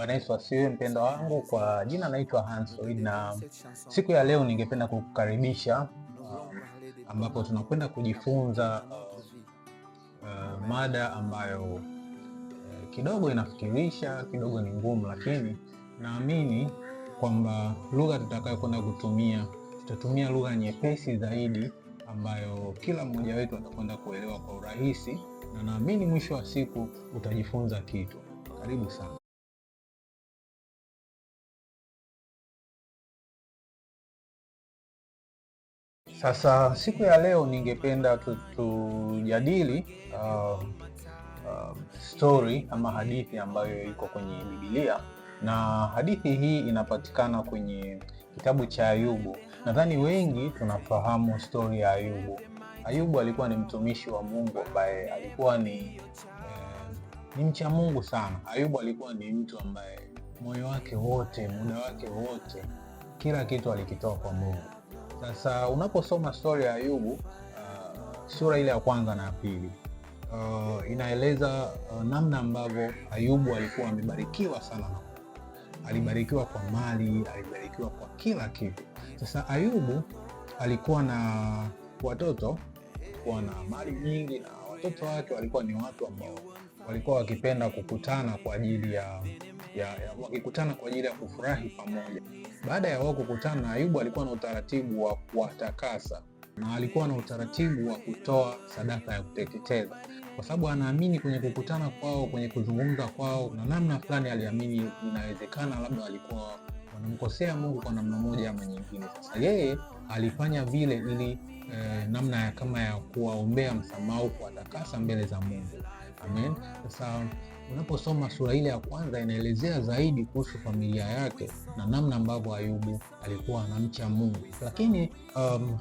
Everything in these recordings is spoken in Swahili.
Bwana Yesu asiwe wangu, kwa jina naitwa Hansoid na siku ya leo ningependa kukukaribisha uh, ambapo tunakwenda kujifunza uh, uh, mada ambayo uh, kidogo inafikirisha, kidogo ni ngumu, lakini naamini kwamba lugha tutakayokwenda kutumia tutatumia lugha nyepesi zaidi ambayo kila mmoja wetu atakwenda kuelewa kwa urahisi, na naamini mwisho wa siku utajifunza kitu. Karibu sana. Sasa siku ya leo ningependa tujadili uh, um, uh, um, stori ama hadithi ambayo iko kwenye Biblia na hadithi hii inapatikana kwenye kitabu cha Ayubu. Nadhani wengi tunafahamu stori ya Ayubu. Ayubu alikuwa ni mtumishi wa Mungu ambaye alikuwa ni eh, ni mcha Mungu sana. Ayubu alikuwa ni mtu ambaye moyo wake wote, muda wake wote, kila kitu alikitoa kwa Mungu. Sasa unaposoma stori ya Ayubu uh, sura ile ya kwanza na ya pili uh, inaeleza uh, namna ambavyo Ayubu alikuwa amebarikiwa sana na alibarikiwa kwa mali, alibarikiwa kwa kila kitu. Sasa Ayubu alikuwa na watoto, alikuwa na mali nyingi, na watoto wake walikuwa ni watu ambao walikuwa wakipenda kukutana kwa ajili ya ya, ya wakikutana kwa ajili ya kufurahi pamoja. Baada ya wao kukutana, Ayubu alikuwa na utaratibu wa kuwatakasa na alikuwa na utaratibu wa kutoa sadaka ya kuteketeza, kwa sababu anaamini kwenye kukutana kwao, kwenye kuzungumza kwao, na namna fulani aliamini inawezekana labda walikuwa wanamkosea Mungu kwa namna moja ama nyingine. Sasa yeye alifanya vile ili eh, namna ya kama ya kuwaombea msamaha, kuwatakasa mbele za Mungu. Amen. Sasa Unaposoma sura ile ya kwanza inaelezea zaidi kuhusu familia yake na namna ambavyo Ayubu alikuwa anamcha Mungu, lakini um,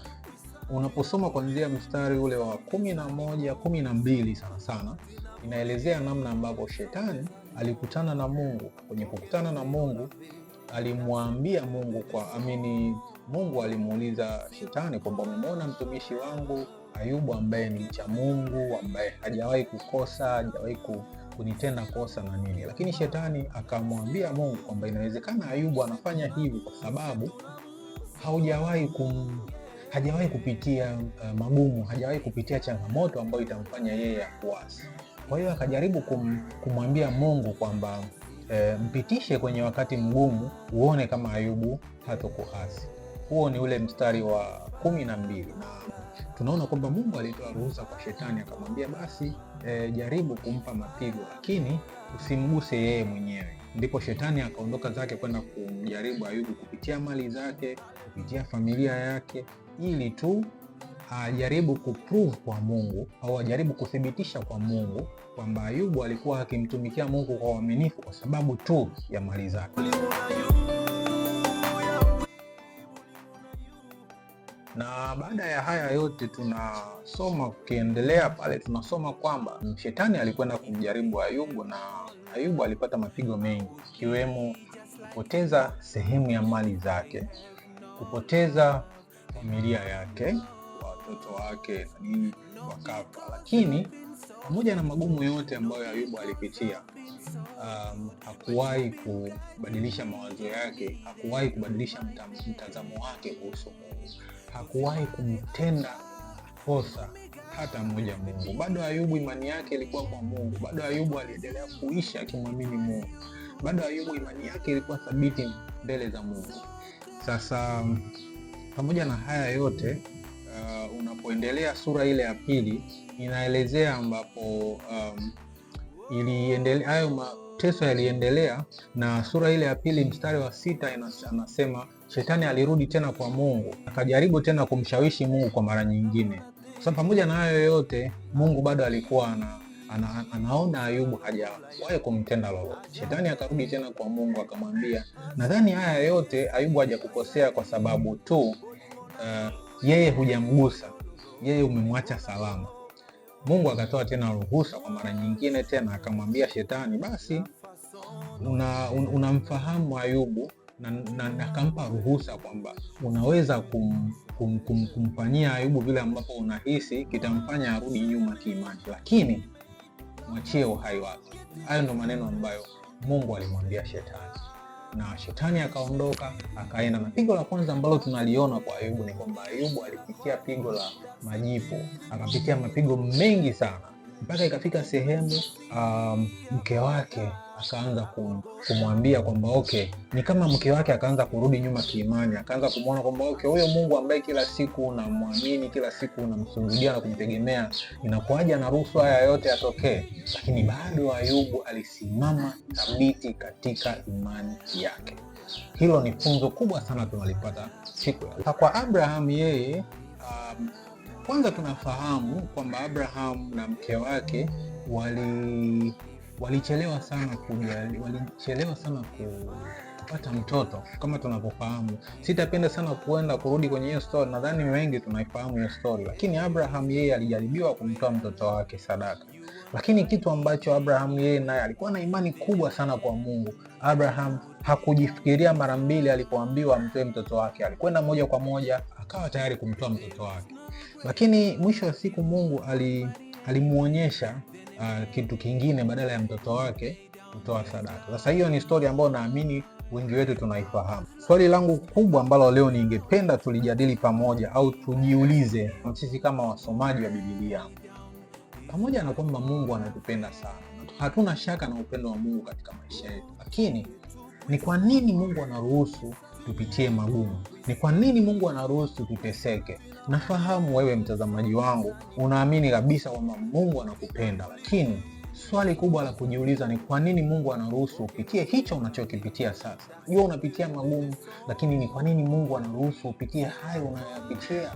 unaposoma kuanzia mstari ule wa kumi na moja kumi na mbili sana sana inaelezea namna ambavyo shetani alikutana na Mungu. Kwenye kukutana na Mungu alimwambia Mungu kwa amini, Mungu alimuuliza shetani kwamba umemwona mtumishi wangu Ayubu ambaye ni mcha Mungu, ambaye hajawahi kukosa, hajawahi ku kunitenda kosa na nini, lakini shetani akamwambia Mungu kwamba inawezekana Ayubu anafanya hivi kwa sababu haujawahi kum hajawahi kupitia uh, magumu, hajawahi kupitia changamoto ambayo itamfanya yeye akuasi. Kwa hiyo akajaribu kum, kumwambia Mungu kwamba e, mpitishe kwenye wakati mgumu uone kama Ayubu hatokuasi. Huo ni ule mstari wa kumi na mbili na tunaona kwamba Mungu alitoa ruhusa kwa shetani akamwambia, basi e, jaribu kumpa mapigo, lakini usimguse yeye mwenyewe. Ndipo shetani akaondoka zake kwenda kumjaribu Ayubu kupitia mali zake, kupitia familia yake, ili tu ajaribu kuprove kwa Mungu au ajaribu kuthibitisha kwa Mungu kwamba Ayubu alikuwa akimtumikia Mungu kwa uaminifu kwa sababu tu ya mali zake. Na baada ya haya yote tunasoma ukiendelea pale, tunasoma kwamba shetani alikwenda kumjaribu Ayubu na Ayubu alipata mapigo mengi, ikiwemo kupoteza sehemu ya mali zake, kupoteza familia yake, watoto wake na nini, wakafa. Lakini pamoja na magumu yote ambayo Ayubu alipitia, um, hakuwahi kubadilisha mawazo yake, hakuwahi kubadilisha mtazamo wake kuhusu Mungu hakuwahi kumtenda kosa hata mmoja Mungu. Bado Ayubu imani yake ilikuwa kwa Mungu, bado Ayubu aliendelea kuishi akimwamini Mungu, bado Ayubu imani yake ilikuwa thabiti mbele za Mungu. Sasa pamoja na haya yote uh, unapoendelea sura ile ya pili inaelezea ambapo um, iliendelea hayo mateso yaliendelea, na sura ile ya pili mstari wa sita anasema Shetani alirudi tena kwa Mungu akajaribu tena kumshawishi Mungu kwa mara nyingine. Sasa pamoja na hayo yote, Mungu bado alikuwa ana, ana, anaona Ayubu hajawahi kumtenda lolote. Shetani akarudi tena kwa Mungu akamwambia, nadhani haya yote Ayubu hajakukosea kwa sababu tu uh, yeye hujamgusa, yeye umemwacha salama. Mungu akatoa tena ruhusa kwa mara nyingine tena akamwambia Shetani, basi unamfahamu una Ayubu na, na, na kampa ruhusa kwamba unaweza kum, kum, kum, kumfanyia aibu vile ambapo unahisi kitamfanya arudi nyuma kiimani, lakini mwachie uhai wake. Hayo ndo maneno ambayo Mungu alimwambia shetani na shetani akaondoka akaenda. Na pigo la kwanza ambalo tunaliona kwa Ayubu ni kwamba Ayubu alipitia pigo la majipu, akapitia mapigo mengi sana mpaka ikafika sehemu um, mke wake akaanza kumwambia kwamba okay, ni kama mke wake akaanza kurudi nyuma kiimani, akaanza kumwona kwamba okay, huyo Mungu ambaye kila siku unamwamini, kila siku unamsujudia na kumtegemea, inakuwaje anaruhusu haya yote yatokee? Lakini bado Ayubu alisimama thabiti katika imani yake. Hilo ni funzo kubwa sana tunalipata siku ya kwa Abraham. Yeye um, kwanza tunafahamu kwamba Abraham na mke wake wali walichelewa sana kuja, walichelewa sana kupata mtoto. Kama tunavyofahamu, sitapenda sana kuenda kurudi kwenye hiyo story, nadhani wengi tunaifahamu hiyo stori, lakini Abraham yeye alijaribiwa kumtoa mtoto wake sadaka, lakini kitu ambacho Abraham yeye naye alikuwa na imani kubwa sana kwa Mungu. Abraham hakujifikiria mara mbili alipoambiwa amtoe mtoto wake, alikwenda moja kwa moja akawa tayari kumtoa mtoto wake, lakini mwisho wa siku Mungu ali alimuonyesha uh, kitu kingine badala ya mtoto wake kutoa sadaka. Sasa hiyo ni stori ambayo naamini wengi wetu tunaifahamu. Swali langu kubwa ambalo leo ningependa tulijadili pamoja au tujiulize sisi kama wasomaji wa Biblia, pamoja na kwamba Mungu anatupenda sana, hatuna shaka na upendo wa Mungu katika maisha yetu, lakini ni kwa nini Mungu anaruhusu tupitie magumu. Ni kwa nini Mungu anaruhusu tuteseke? Nafahamu wewe mtazamaji wangu unaamini kabisa kwamba Mungu anakupenda, lakini swali kubwa la kujiuliza ni kwa nini Mungu anaruhusu upitie hicho unachokipitia sasa? Jua unapitia magumu, lakini ni kwa nini Mungu anaruhusu upitie hayo unayoyapitia?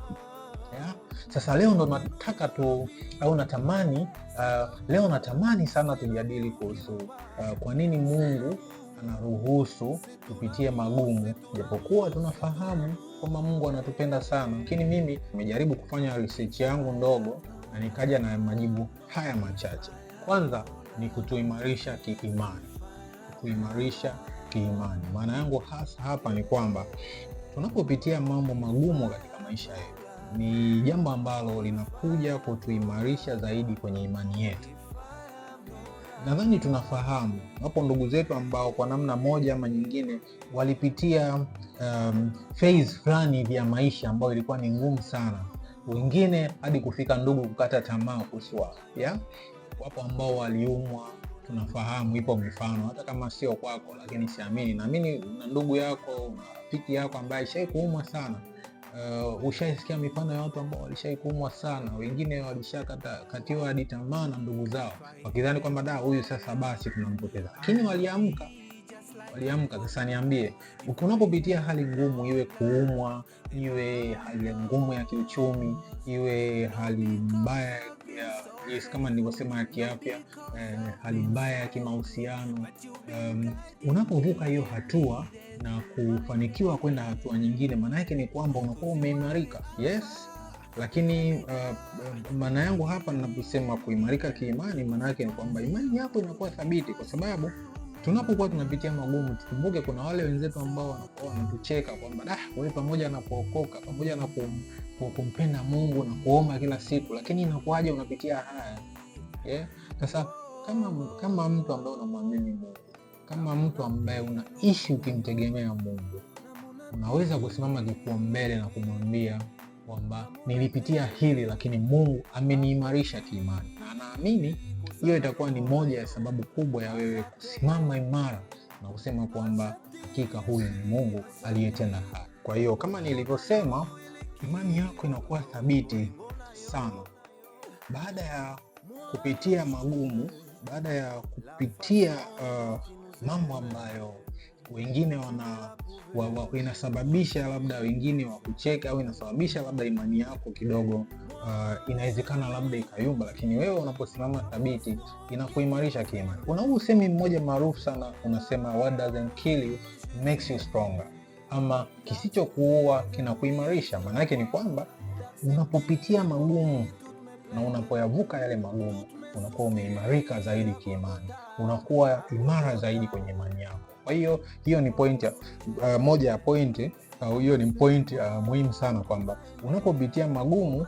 Yeah. Sasa leo ndo nataka tu au natamani uh, leo natamani sana tujadili kuhusu uh, kwa nini Mungu anaruhusu tupitie magumu, japokuwa tunafahamu kwamba Mungu anatupenda sana. Lakini mimi nimejaribu kufanya research yangu ndogo na nikaja na majibu haya machache. Kwanza ni kutuimarisha kiimani, kuimarisha kiimani. Maana yangu hasa hapa ni kwamba tunapopitia mambo magumu katika maisha yetu, ni jambo ambalo linakuja kutuimarisha zaidi kwenye imani yetu nadhani tunafahamu wapo ndugu zetu ambao kwa namna moja ama nyingine walipitia um, phase fulani vya maisha ambayo ilikuwa ni ngumu sana, wengine hadi kufika ndugu kukata tamaa kuhusu yeah? Wapo ambao waliumwa, tunafahamu, ipo mifano, hata kama sio kwako, lakini siamini, naamini na ndugu yako na rafiki yako ambaye ishai kuumwa sana Uh, ushaisikia mifano ya watu ambao walishaikumwa sana, wengine walishakatiwa hadi tamaa na ndugu zao, wakidhani kwamba da, huyu sasa basi tunampoteza, lakini waliamka waliamka. Sasa niambie, unapopitia hali ngumu, iwe kuumwa, iwe hali ngumu ya kiuchumi, iwe hali mbaya yes, kama nilivyosema ya kiafya eh, hali mbaya ya kimahusiano. Um, unapovuka hiyo hatua na kufanikiwa kwenda hatua nyingine, maana yake ni kwamba unakuwa umeimarika. Yes, lakini uh, maana yangu hapa ninaposema kuimarika kiimani, maana yake ni kwamba imani yako inakuwa thabiti, kwa sababu tunapokuwa tunapitia magumu, tukumbuke kuna wale wenzetu ambao wanakuwa wanatucheka kwamba da, wewe pamoja na kuokoka pamoja na kumpenda Mungu na kuomba kila siku, lakini inakuwaje unapitia haya yeah? Sasa kama, kama mtu ambaye unamwamini Mungu, kama mtu ambaye unaishi ukimtegemea Mungu, unaweza kusimama kifua mbele na kumwambia kwamba nilipitia hili, lakini Mungu ameniimarisha kiimani, na naamini hiyo itakuwa ni moja ya sababu kubwa ya wewe kusimama imara na kusema kwamba hakika huyu ni Mungu aliyetenda haya. Kwa hiyo kama nilivyosema imani yako inakuwa thabiti sana baada ya kupitia magumu, baada ya kupitia uh, mambo ambayo wengine wana wa, wa, inasababisha labda wengine wa kucheka au inasababisha labda imani yako kidogo uh, inawezekana labda ikayumba, lakini wewe unaposimama thabiti inakuimarisha kiimani. Kuna huu usemi mmoja maarufu sana unasema, what doesn't kill you makes you stronger ama kisichokuua kinakuimarisha. Maana yake ni kwamba unapopitia magumu na unapoyavuka yale magumu, unakuwa umeimarika zaidi kiimani, unakuwa imara zaidi kwenye imani yako. Kwa hiyo hiyo ni point uh, moja ya pointi hiyo ni point uh, muhimu sana kwamba unapopitia magumu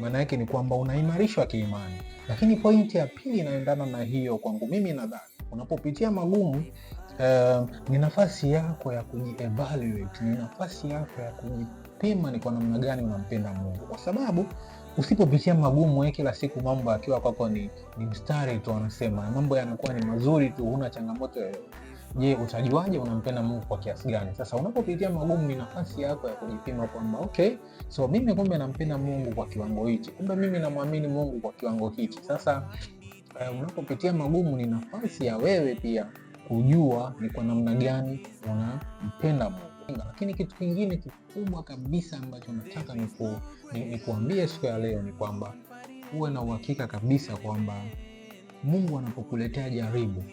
maana yake ni kwamba unaimarishwa kiimani. Lakini pointi ya pili inaendana na hiyo, kwangu mimi nadhani unapopitia magumu Um, ni nafasi yako ya kujievaluate, ni nafasi yako ya kujipima ni kwa namna gani unampenda Mungu, kwa sababu usipopitia magumu kila siku, mambo akiwa kwako ni, ni mstari tu, wanasema mambo yanakuwa ni mazuri tu, huna changamoto yoyote. Je, utajuaje unampenda Mungu kwa kiasi gani? Sasa unapopitia magumu, ni nafasi yako ya kujipima kwamba okay, so mimi kumbe nampenda Mungu kwa kiwango hichi, kumbe mimi namwamini Mungu kwa kiwango hichi. Sasa uh, unapopitia magumu, ni nafasi ya wewe pia kujua ni kwa namna gani unampenda Mungu. Lakini kitu kingine kikubwa kabisa ambacho nataka ni kuambia siku ya leo ni kwamba uwe na uhakika kabisa kwamba Mungu anapokuletea jaribu,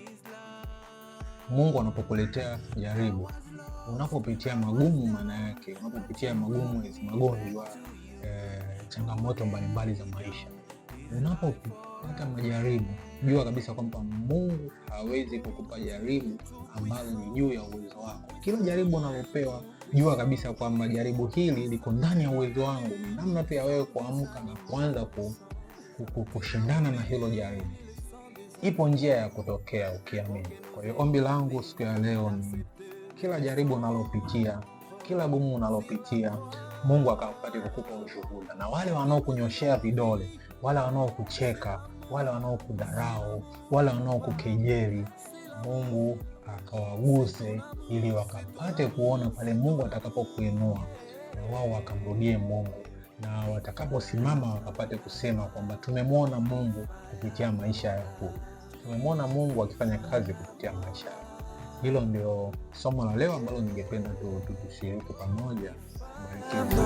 Mungu anapokuletea jaribu, unapopitia magumu, maana yake unapopitia magumu, magonjwa, eh, changamoto mbalimbali za maisha unapopata majaribu, jua kabisa kwamba Mungu hawezi kukupa jaribu ambalo ni juu ya uwezo wako. Kila jaribu unalopewa, jua kabisa kwamba jaribu hili liko ndani ya uwezo wangu. Ni namna tu ya wewe kuamka na kuanza ku, ku, ku, kushindana na hilo jaribu. Ipo njia ya kutokea ukiamini. Kwa hiyo ombi langu siku ya leo ni kila jaribu unalopitia, kila gumu unalopitia, Mungu akapate kukupa ushuhuda, na wale wanaokunyoshea vidole wala wanaokucheka wala wanaokudharau wala wanaokukejeli. Mungu akawaguse ili wakapate kuona pale Mungu atakapokuinua na wao wakamrudie Mungu, na watakaposimama wakapate kusema kwamba tumemwona Mungu kupitia maisha yako, tumemwona Mungu akifanya kazi kupitia maisha yako. Hilo ndio somo la leo ambalo ningependa tutushiriki pamoja. Barikiwa.